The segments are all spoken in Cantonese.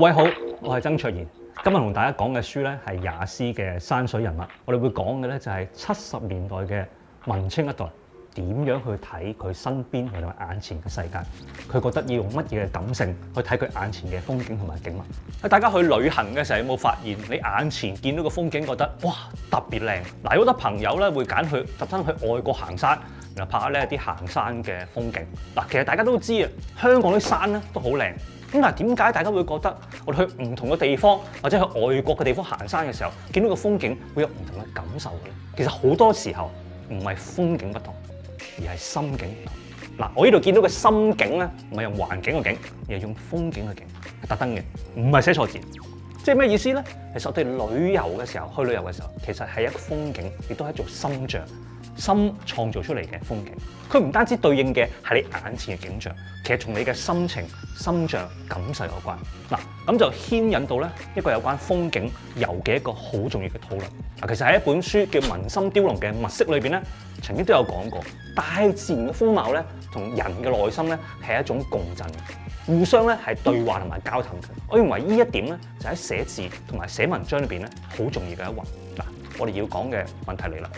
各位好，我係曾卓然。今日同大家講嘅書咧，係也斯嘅山水人物。我哋會講嘅咧就係七十年代嘅文青一代點樣去睇佢身邊同埋眼前嘅世界。佢覺得要用乜嘢嘅感性去睇佢眼前嘅風景同埋景物。大家去旅行嘅時候有冇發現，你眼前見到個風景覺得哇特別靚？嗱，有好多朋友咧會揀去特登去外國行山，然後拍下呢啲行山嘅風景。嗱，其實大家都知啊，香港啲山咧都好靚。咁但係點解大家會覺得我哋去唔同嘅地方，或者去外國嘅地方行山嘅時候，見到個風景會有唔同嘅感受咧？其實好多時候唔係風景不同，而係心景唔同。嗱，我呢度見到嘅心景咧，唔係用環境嘅景，而係用風景嘅景，特登嘅，唔係寫錯字。即係咩意思咧？其實我哋旅遊嘅時候，去旅遊嘅時候，其實係一個風景，亦都係一座心象。心創造出嚟嘅風景，佢唔單止對應嘅係你眼前嘅景象，其實同你嘅心情、心象感受有關。嗱，咁就牽引到咧一個有關風景遊嘅一個好重要嘅討論。嗱，其實喺一本書叫《文心雕龍》嘅物色裏邊咧，曾經都有講過，大自然嘅風貌咧同人嘅內心咧係一種共振，互相咧係對話同埋交談。我認為呢一點咧就喺寫字同埋寫文章裏邊咧好重要嘅一環。嗱，我哋要講嘅問題嚟啦。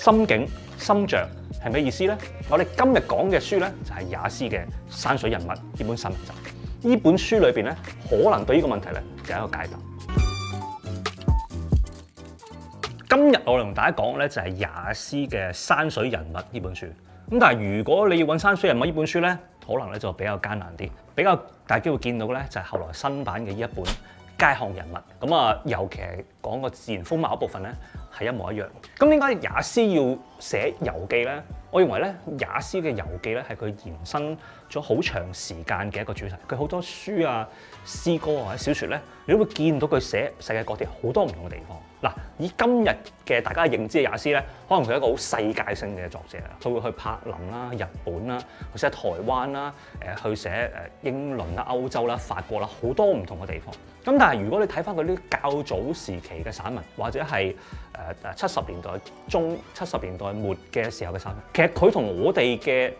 心境、心象係咩意思咧？我哋今日講嘅書咧就係也斯嘅山水人物呢本散文集。呢本書裏邊咧，可能對呢個問題咧就有一個解答。今日我哋同大家講咧就係也斯嘅山水人物呢本書。咁但係如果你要揾山水人物呢本書咧，可能咧就比較艱難啲，比較大機會見到咧就係後來新版嘅呢一本《街巷人物》。咁啊，尤其係講個自然風貌一部分咧，係一模一樣。咁點解也斯要寫遊記咧？我認為咧，也斯嘅遊記咧係佢延伸咗好長時間嘅一個主題。佢好多書啊、詩歌啊、小説咧，你都會見到佢寫世界各地好多唔同嘅地方。嗱，以今日嘅大家的認知嘅也斯，咧，可能佢係一個好世界性嘅作者，佢會去柏林啦、日本啦，或者台灣啦，誒去寫誒英倫啦、歐洲啦、法國啦，好多唔同嘅地方。咁但係如果你睇翻佢啲較早時期嘅散文，或者係誒七十年代中、七十年代末嘅時候嘅散文，其實佢同我哋嘅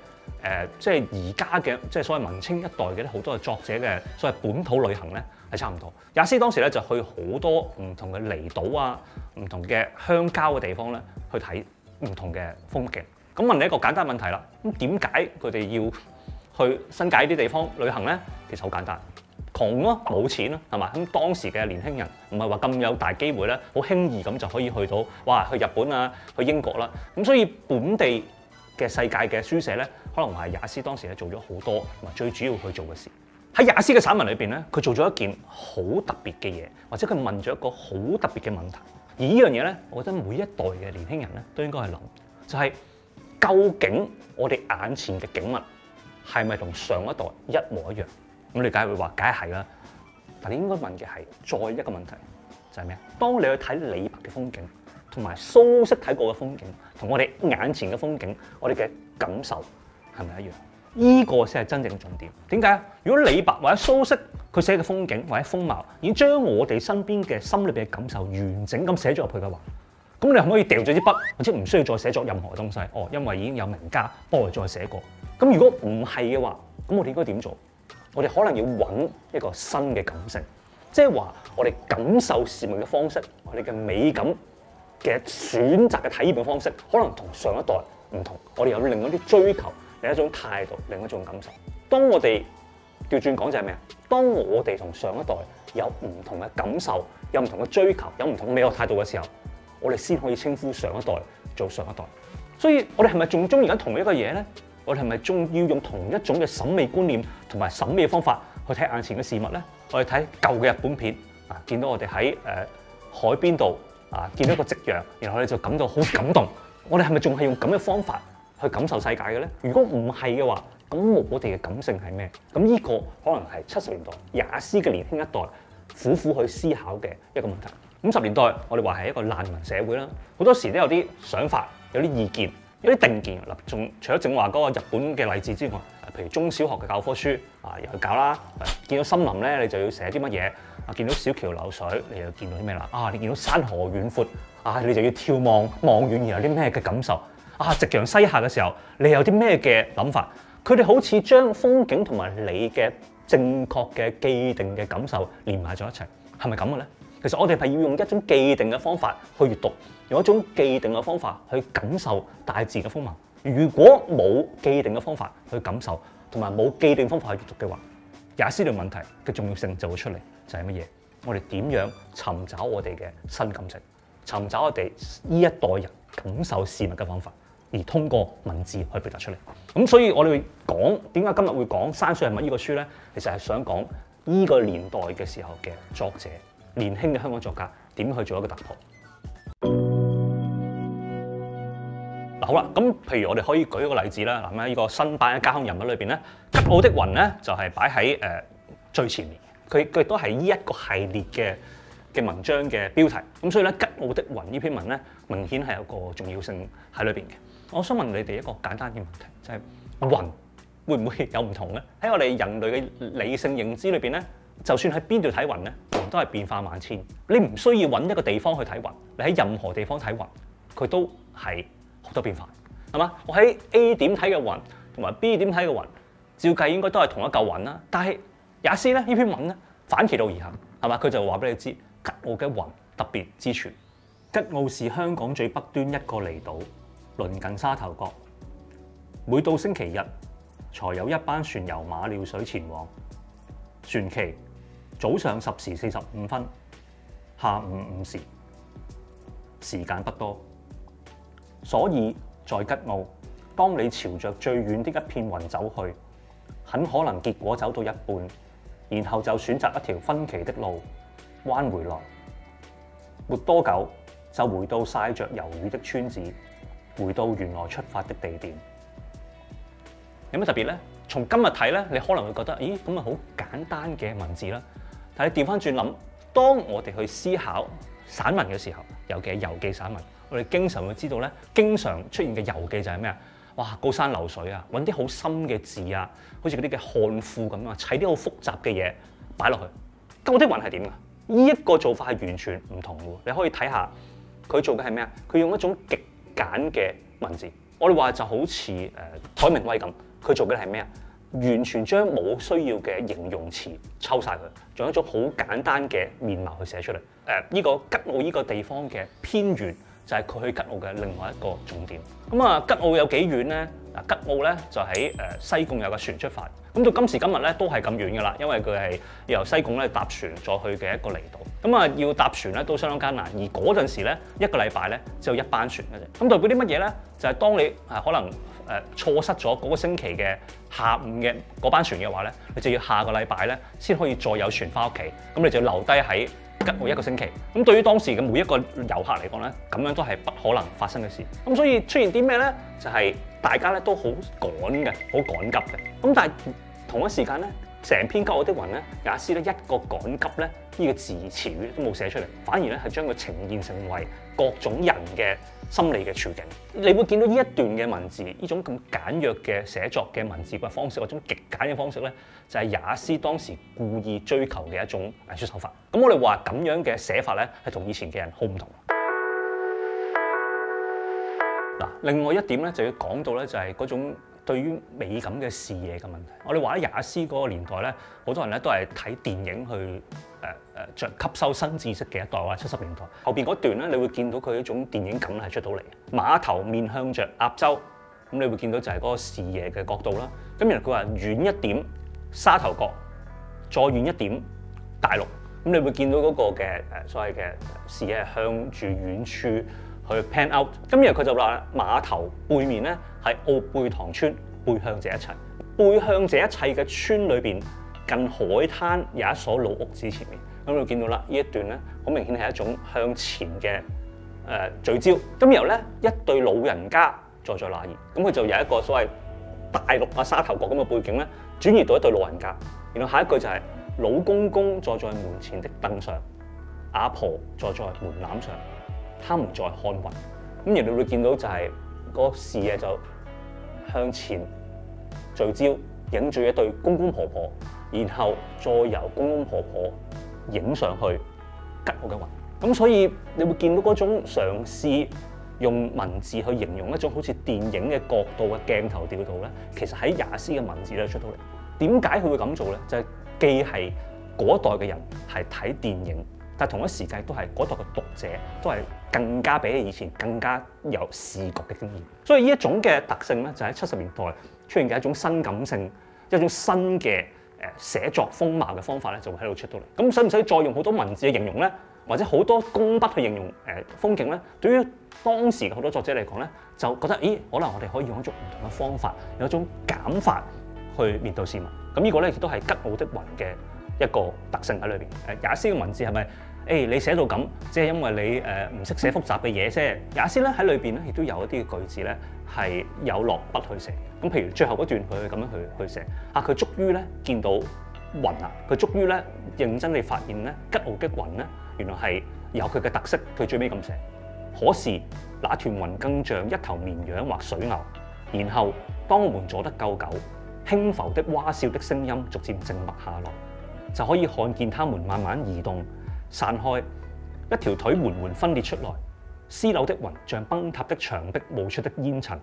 誒即係而家嘅即係所謂文青一代嘅好多嘅作者嘅所謂本土旅行咧，係差唔多。也斯當時咧就去好多唔同嘅離島啊、唔同嘅鄉郊嘅地方咧，去睇唔同嘅風景。咁問你一個簡單問題啦。咁點解佢哋要去新界啲地方旅行咧？其實好簡單，窮咯、啊，冇錢咯、啊，係嘛？咁當時嘅年輕人唔係話咁有大機會咧，好輕易咁就可以去到，哇！去日本啊，去英國啦、啊。咁所以本地嘅世界嘅書寫咧，可能係也斯當時咧做咗好多，同埋最主要去做嘅事。喺也斯嘅散文裏邊咧，佢做咗一件好特別嘅嘢，或者佢問咗一個好特別嘅問題。而呢樣嘢咧，我覺得每一代嘅年輕人咧都應該去諗，就係究竟我哋眼前嘅景物係咪同上一代一模一樣？咁你梗係會話解係啦，但你應該問嘅係再一個問題就係咩？當你去睇李白嘅風景，同埋蘇軾睇過嘅風景，同我哋眼前嘅風景，我哋嘅感受係咪一樣？依個先係真正嘅重點。點解啊？如果李白或者蘇軾佢寫嘅風景或者風貌，已經將我哋身邊嘅心裏邊嘅感受完整咁寫咗入去嘅話，咁你可唔可以掉咗支筆，或者唔需要再寫作任何東西？哦，因為已經有名家幫我再寫過。咁如果唔係嘅話，咁我哋應該點做？我哋可能要揾一個新嘅感性，即係話我哋感受事物嘅方式，我哋嘅美感嘅選擇嘅體驗嘅方式，可能同上一代唔同。我哋有另外一啲追求。另一種態度，另一種感受。當我哋調轉，轉講就係咩啊？當我哋同上一代有唔同嘅感受，有唔同嘅追求，有唔同嘅美學態度嘅時候，我哋先可以稱呼上一代做上一代。所以我哋係咪仲中意緊同一個嘢咧？我哋係咪仲要用同一種嘅審美觀念同埋審美方法去睇眼前嘅事物咧？我哋睇舊嘅日本片啊，見到我哋喺誒海邊度啊，見到一個夕陽，然後你就感到好感動。我哋係咪仲係用咁嘅方法？去感受世界嘅咧，如果唔係嘅話，咁我哋嘅感性係咩？咁呢個可能係七十年代也斯嘅年輕一代苦苦去思考嘅一個問題。五十年代我哋話係一個難民社會啦，好多時都有啲想法、有啲意見、有啲定見。嗱，仲除咗正話嗰個日本嘅例子之外，譬如中小學嘅教科書啊，又去搞啦。見到森林咧，你就要寫啲乜嘢？啊，見到小橋流水，你就見到啲咩啦？啊，你見到山河遠闊，啊，你就要眺望望遠而有啲咩嘅感受？啊！夕陽西下嘅時候，你有啲咩嘅諗法？佢哋好似將風景同埋你嘅正確嘅既定嘅感受連埋咗一齊，係咪咁嘅咧？其實我哋係要用一種既定嘅方法去閱讀，用一種既定嘅方法去感受大自然嘅風貌。如果冇既定嘅方法去感受，同埋冇既定的方法去閱讀嘅話，也斯量問題嘅重要性就會出嚟，就係乜嘢？我哋點樣尋找我哋嘅新感情，尋找我哋呢一代人感受事物嘅方法？而通過文字去表達出嚟，咁所以我哋會講點解今日會講《山水人物》呢個書咧？其實係想講呢個年代嘅時候嘅作者，年輕嘅香港作家點去做一個突破。嗱，好啦，咁譬如我哋可以舉一個例子啦。嗱喺呢個新版《家鄉人物》裏邊咧，《吉澳的雲》咧就係擺喺誒最前面，佢佢都係呢一個系列嘅嘅文章嘅標題。咁所以咧，《吉澳的雲》呢篇文咧，明顯係有個重要性喺裏邊嘅。我想問你哋一個簡單嘅問題，就係雲會唔會有唔同咧？喺我哋人類嘅理性認知裏邊咧，就算喺邊度睇雲咧，雲都係變化萬千。你唔需要揾一個地方去睇雲，你喺任何地方睇雲，佢都係好多變化，係嘛？我喺 A 點睇嘅雲同埋 B 點睇嘅雲，照計應該都係同一嚿雲啦。但係也斯咧，這篇呢篇文咧反其道而行，係嘛？佢就話俾你知，吉澳嘅雲特別之處。吉澳是香港最北端一個離島。鄰近沙頭角，每到星期日才有一班船遊馬料水前往。船期，早上十時四十五分，下午五時，時間不多，所以在吉澳，當你朝着最遠的一片雲走去，很可能結果走到一半，然後就選擇一條分歧的路，彎回來，沒多久就回到晒着魷魚的村子。回到原來出發的地點有咩特別咧？從今日睇咧，你可能會覺得咦咁啊，好簡單嘅文字啦。但係調翻轉諗，當我哋去思考散文嘅時候，尤其係遊記散文，我哋經常會知道咧，經常出現嘅遊記就係咩啊？哇，高山流水啊，揾啲好深嘅字啊，好似嗰啲嘅漢賦咁啊，砌啲好複雜嘅嘢擺落去。究啲雲係點㗎？呢一個做法係完全唔同嘅。你可以睇下佢做嘅係咩啊？佢用一種極揀嘅文字，我哋話就好似誒明威咁，佢做嘅係咩啊？完全將冇需要嘅形容詞抽晒佢，仲有一種好簡單嘅面貌去寫出嚟。呢、呃這個吉澳呢個地方嘅偏遠就係、是、佢去吉澳嘅另外一個重點。咁啊，吉澳有幾遠咧？嗱，吉澳咧就喺誒西貢有個船出發。咁到今時今日咧都係咁遠噶啦，因為佢係由西貢咧搭船再去嘅一個離島。咁啊，要搭船咧都相當艱難而那。而嗰陣時咧一個禮拜咧只有一班船嘅啫。咁代表啲乜嘢咧？就係、是、當你啊可能誒、呃、錯失咗嗰個星期嘅下午嘅嗰班船嘅話咧，你就要下個禮拜咧先可以再有船翻屋企。咁你就要留低喺。急我一個星期，咁對於當時嘅每一個遊客嚟講咧，咁樣都係不可能發生嘅事。咁所以出現啲咩咧，就係、是、大家咧都好趕嘅，好趕急嘅。咁但係同一時間咧，成篇《吉澳的雲》咧，也斯咧一個趕急咧，呢、這個字詞都冇寫出嚟，反而咧係將佢呈現成為各種人嘅心理嘅處境，你會見到呢一段嘅文字，呢種咁簡約嘅寫作嘅文字嘅方式，或者極簡嘅方式咧，就係也斯當時故意追求嘅一種藝術手法。咁我哋話咁樣嘅寫法咧，係同以前嘅人好唔同。嗱，另外一點咧，就要講到咧，就係嗰種對於美感嘅視野嘅問題。我哋話咧，也斯嗰個年代咧，好多人咧都係睇電影去。誒誒，著吸收新知識嘅一代，或者七十年代後邊嗰段咧，你會見到佢一種電影感係出到嚟嘅。碼頭面向着鴨洲，咁你會見到就係嗰個視野嘅角度啦。咁然後佢話遠一點，沙頭角，再遠一點大陸，咁你會見到嗰個嘅誒所謂嘅視野係向住遠處去 pan out。咁然後佢就話碼頭背面咧係澳背塘村，背向這一切，背向這一切嘅村裏邊。近海灘有一所老屋之前面，咁你見到啦？呢一段咧，好明顯係一種向前嘅誒聚焦。咁由咧一對老人家坐在那兒，咁佢就有一個所謂大陸啊沙頭角咁嘅背景咧，轉移到一對老人家。然後下一句就係老公公坐在門前的凳上，阿婆坐在門檻上，他們在看雲。咁而你會見到就係個視野就向前聚焦，影住一對公公婆婆。然後再由公公婆婆影上去吉澳嘅雲咁，所以你會見到嗰種嘗試用文字去形容一種好似電影嘅角度嘅鏡頭調度咧。其實喺也斯嘅文字咧出到嚟，點解佢會咁做咧？就係、是、既係嗰代嘅人係睇電影，但同一時間都係嗰代嘅讀者都係更加比起以前更加有視覺嘅經驗。所以呢一種嘅特性咧，就喺七十年代出現嘅一種新感性，一種新嘅。誒寫作風貌嘅方法咧，就會喺度出到嚟。咁使唔使再用好多文字去形容咧，或者好多工筆去形容誒風景咧？對於當時好多作者嚟講咧，就覺得咦，可能我哋可以用一種唔同嘅方法，用一種減法去面對事物。咁呢個咧亦都係吉澳的雲嘅一個特性喺裏邊。誒，也斯嘅文字係咪？誒、哎、你寫到咁，即係因為你唔識、呃、寫複雜嘅嘢啫。也斯咧喺裏面呢，咧，亦都有一啲句子咧係有落筆去寫。咁譬如最後嗰段佢咁樣去去寫，啊佢終於咧見到雲啊，佢終於咧認真地發現咧吉澳的雲咧，原來係有佢嘅特色。佢最尾咁寫，可是那團雲更像一頭綿羊或水牛。然後當我們坐得夠久，輕浮的蛙笑的聲音逐漸靜默下來，就可以看見他們慢慢移動。散開一條腿，緩緩分裂出來。絲縷的雲像崩塌的牆壁，冒出的煙塵，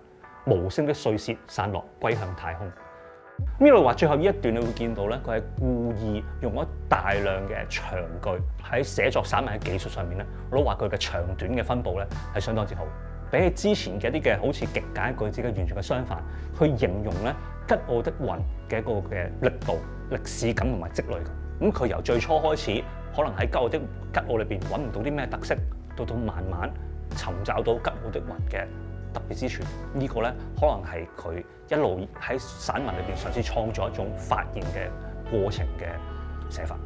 無聲的碎屑散落，歸向太空。呢度話最後呢一段，你會見到咧，佢係故意用咗大量嘅長句喺寫作散文嘅技術上面咧，我都話佢嘅長短嘅分布咧係相當之好，比起之前嘅一啲嘅好似極簡句子嘅完全嘅相反，去形容咧吉澳的雲嘅一個嘅力度、歷史感同埋積累。咁佢由最初開始。可能喺吉澳的吉澳裏邊揾唔到啲咩特色，到到慢慢尋找到吉澳的雲嘅特別之處，這個、呢個咧可能係佢一路喺散文裏邊嘗試創造一種發現嘅過程嘅寫法。